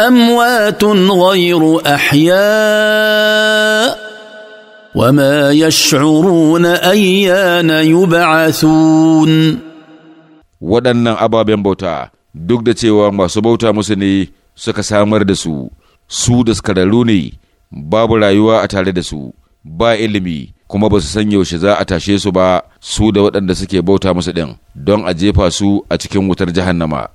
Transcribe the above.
اموات غير احياء وما يشعرون ايان يبعثون waɗannan ababen bauta duk da cewa masu bauta musu ne suka samar da su su daskararru ne babu rayuwa a tare da su ba ilimi kuma ba su san yaushe za a tashe su ba su da waɗanda suke bauta musu ɗin don a jefa su a cikin wutar jahannama